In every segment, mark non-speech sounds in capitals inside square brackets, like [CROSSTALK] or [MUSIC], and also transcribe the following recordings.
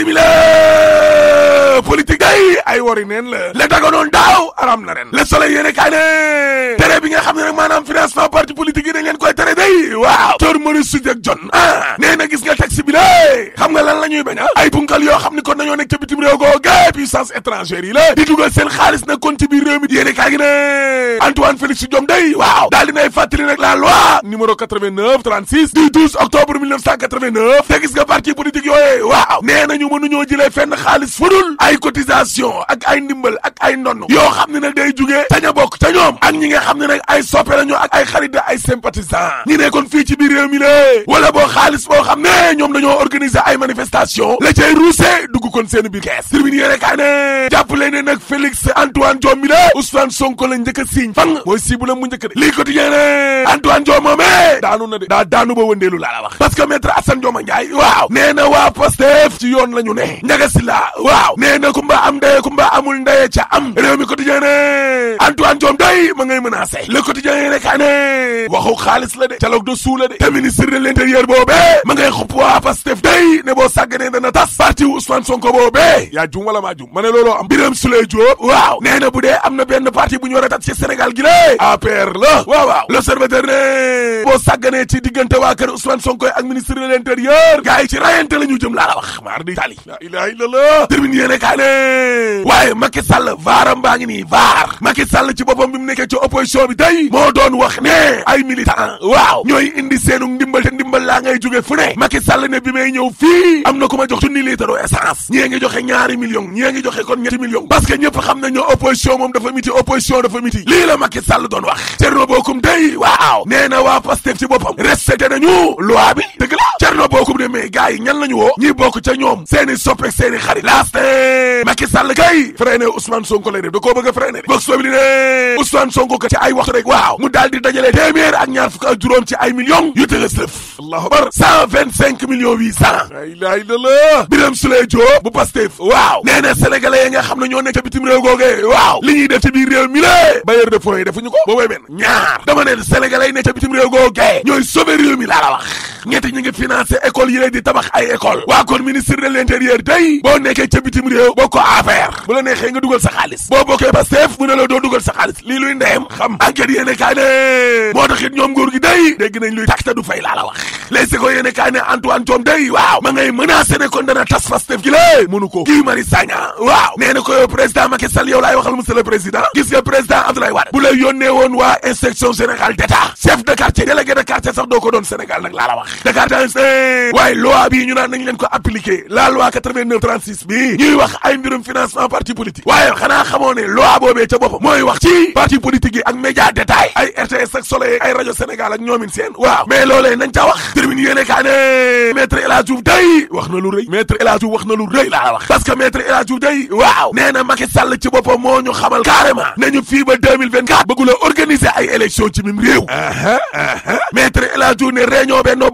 simila politique day ay wari neen la la daganoon daaw aram na ren le soleil yéene tere bi nga xam ne nag maanaam financement parti politique yi dañ leen koy tere day waaw tor Maurice Soudieck Dione ah nee na gis nga texte bi la xam nga lan la ñuy bañ ay punkal yoo xam kon nañoo nekk ca bitim réew googe puissance étrangère yi la di dugal seen xaalis nag kon ci biir réew mi yéene kaa gi ndimbal ak ay ndonn yoo xam ne nag day jugee nga xam ne nag ay soppe lañu ak ñi nekkoon fii ci biir réew mi la wala boo xaalis boo xam ne ñoom dañoo organiser ay manifestation la cay ruuse dugg kon seen biir kees tribune yéene kaay ne jàppale ne nag Félix Antoine Diome mi la Ousmane Sonko la njëkk a siiñ fan mooy siibu la mu njëkk de lii quotidien ne Antoine Diome moomee daanu na de daa daanu ba wëndeelu laa la wax parce que maître Assane Dioma Ndiaye waaw nee na waa ci yoon la ne njaga la waaw nee kumba am ndeye kumba amul ndeye ca am réew mi quotidien Antoine Diome day ma ngay menacé le quotidien yéene kaay ne waxu xaalis la de dialogue de Sonko boobee yaa jum wala maa jum ma ne looloo am Birame Souleye Diop waaw nee na bu dee am na benn parti bu ñu war a tat ci Sénégal gi lée APR la waaw waaw L'Observateur ne boo sàgganee ci diggante waa kër Ousmane Sonko ak ministre de l'Intérieur gars ci rayante la ñu jëm laa la wax maar di tali la ilaha illallah termine yéene waaye Macky Sall vaaram baa ngi nii vaar Macky Sall ci boppam bi mu nekkee ci opposition bi day moo doon wax ne ay militant waaw ñooy indi seenu ndimbal te laa ngay jóge fu ne Macky Sall ne bi may ñëw fii am na ku ma jox junni place joxe ñaari million ñii joxe kon ñetti million parce que ñëpp xam nañu opposition moom dafa miti opposition dafa miti lii la Macky Sall doon wax Thierno Bocoum day waaw nee na waa Pastef ci boppam respecté nañu loi bi dëgg la Thierno Bocoum de mais gars yi ñan woo ñi bokk ca ñoom seeni soppek seeni xarit laaste Macky Sall kay freiné Ousmane Sonko lay def da koo bëgg a freiné vox populi ne Ousmane Sonko ka ci ay waxtu rek waaw mu daal di dajale bu Pastef waaw nee na sénégalais yi nga xam ne ñoo nekk ca bitim réew googee waaw li ñuy def ci biir réew mi lée bailleur de fonds yi defuñu ko boobay benn ñaar dama neen sénégalais yi nekk ca bitim réew googee ñooy sauver réew mi laa la wax tabax ñetti ñu ngi financé école yi lay di tabax ay école waa kon ministre de l'intérieur day boo nekkee ca bitim réew boo ko affaire bu la neexee nga dugal sa xaalis boo bokkee Pastef mu ne la doo dugal sa xaalis lii luy ndeyam xam enquête yéene moo tax ñoom nguur gi day dégg nañ luy tax te du fay laa la wax les ko yéene Antoine Diome day waaw ma ngay menacé ne kon dana tas Pastef gi lée mënu ko Guy Marius Sagna waaw nee na ko yow président doon Sénégal nag laa la wax Dakar Times waaye loi bii ñu naan nañ leen ko appliquer la loi 89 36 bi ñuy wax ay mbirum financement parti politique waaye xanaa xamoo ne loi boobee ca boppam mooy wax ci parti politique yi ak média détail ay RTS ak Soleil ay rajo Sénégal ak ñoomin seen waaw mais loolee nañ ca wax termine yéene kaa ne maître El Hadj Diouf day wax na lu rëy maître El Hadj Diouf wax na lu rëy laa wax parce que maître El Hadj Diouf day waaw nee na Macky Sall ci boppam moo ñu xamal carrément nañu fii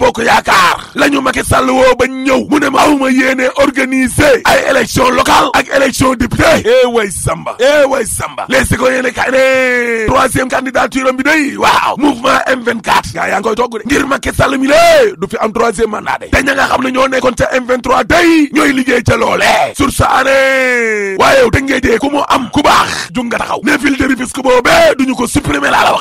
bokk yaakaar la ñu Macky Sall woo ba ñëw mu ne ma awma yéene organiser ay élection locale ak élection député eh way samba eh way samba les si ko yéene kay ne troisième candidature bi day waaw mouvement M24 gaa yaa ngi koy togg de ngir Macky Sall mi lée du fi am troisième mandat de te ña nga xam ne ñoo nekkoon ca M23 day ñooy liggéey ca loolee sur sa année waaye da ngee jee ku mu am ku baax jug nga taxaw ne fil de Rufisque boobee duñu ko supprimer laa la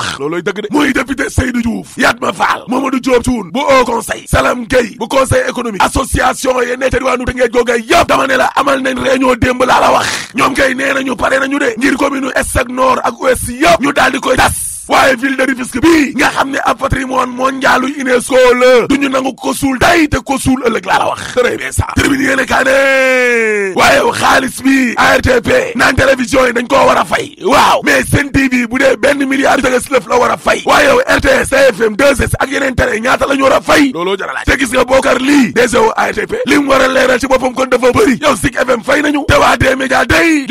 conseil Salam Gueye bu conseil économique association ye nekk ca diwaanu Tëngéej googa yëpp dama ne la amal nañ réunion démb laa la wax ñoom kay nee nañu pare nañu de ngir commune est ak nord ak ouest yëpp ñu daal di koy tas waaye ville de Rufisque bii nga xam ne ab patrimoine mondialu UNESCO la duñu nangu ko suul tey te ko suul ëllëg laa la wax très bien ça tribune yéene kaa ne waaye xaalis bi ARTP naan télévision yi dañ koo war a fay waaw mais seen TV bu dee benn milliard tëgas lëf la war a fay waaye yow RTS TFM 2S ak yeneen télé ñaata la ñu war a fay te gis nga bookar lii DG ARTP li mu war a leeral ci boppam kon dafa bëri yow Zik FM fay nañu te waa D-Média day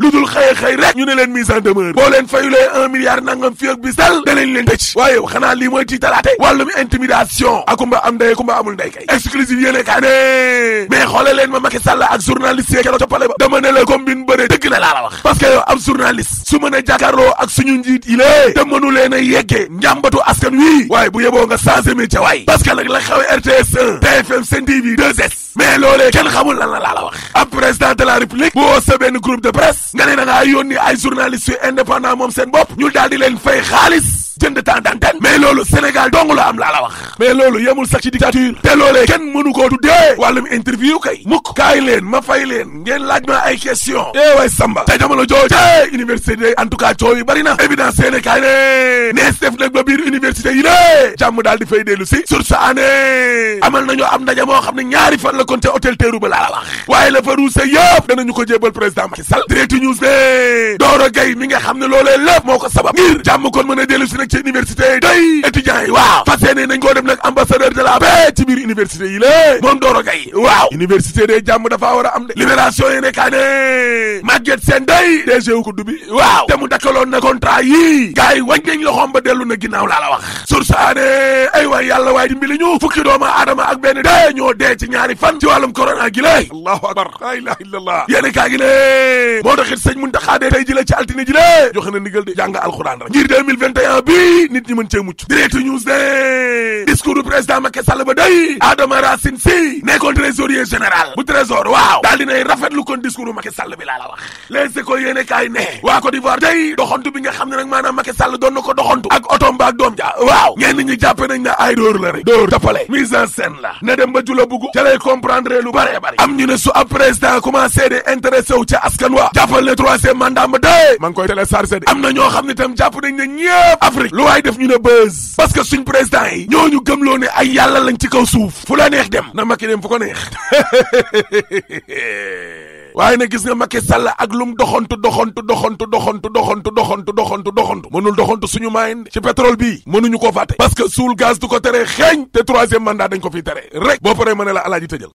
lu dul xëy xëy ne leen leen un milliard nangam fii ak bi leen tëj waaye xanaa lii mooy tiitalaate wàllum intimidation akumba am ndey kumba amul ndey kay exclusive yéene kaa ne mais ma Macky Sall ak journaliste yee keroog ba dama ne la dëgg na laa la wax parce que yow ab journaliste su a ak suñu njiit yi lée te a askan wi waaye bu yeboo nga changé métier waay parce que la xaw RTS 1 TFM Sen TV 2 loolee kenn président de la république bu woo sa benn de presse nga ne da ngaa yónni ay journalistes yu indépendant moom seen bopp ñu daal di leen fay xaalis jënd tàndanten mais loolu Sénégal dong la am laa la wax mais loolu yemul sax ci dictature te loolee kenn mënu koo tuddee wàllum interview kay mukk kaay leen ma fay leen ngeen laaj ma ay question eh way Samba te jamono jooju te université day en tout cas coow yu bari na évidence seene kaay ne nees def nag université yi ne jàmm daal di fay dellu si sur sa année amal nañoo am ndaje moo xam ne ñaari fan la kon hôtel teeru ba laa la wax waaye la fa ruuse yëpp danañu ko jébal président Macky Sall direct news ne Doro Gaye mi nga xam ne loolee lépp moo sabab ngir jàmm kon mën a dellu si nag ci université yi day étudiants yi waaw fas yéene nañ koo dem nag ambassadeur de la paix ci biir université yi lée moom Doro Gaye waaw université de jàmm dafaa war a am de libération yi nekkaa ne Maguette Sène day DG wu ko dubi waaw te mu dakkaloon na contrat yii wañ nañ loxoom ba dellu na ginnaaw laa la wax sursaane ay waay yàlla waay dimbali ñu fukki doomu aadama ak benn dee ñoo dee ci ñaari fan ci wàllum corona gi allahu akbar la ilaha illallah yéene kaa gi lée moo taxit sëñ Muntaxa dee tey ji ci altine ji joxe na ndigal président Macky ba day Adama Racine Sy nekkoon trésorier général bu trésor waaw daal dinay rafetlu kon discours Macky Sall bi laa la wax les écoles yéene kaay ne waa Côte d'Ivoire day doxantu bi nga xam ne nag maanaam Macky Sall doon na ko doxantu ak otom baak doom ja waaw ñenn ñi jàppe nañ na ay dóor la rek dóor tapale mise en scène la na dem ba jula bugg ca lay comprendre lu bare bare am ñu ne su ab président commencé de intéressé wu ca askan wa jàppal ma day ma ngi ay yàlla lañ ci kaw suuf fu la neex dem na Macky dem fu ko neex [LAUGHS] waaye nag gis nga Macky Sall ak lum doxantu doxantu doxantu doxantu doxantu doxantu doxantu doxantu mënul doxantu suñu maayin ci pétrole bii mënuñu koo fàtte parce que suul gaz du ko tere xeeñ te troisième mandat dañ ko fiy tere rek boo paree ma ne la alaaji tëjal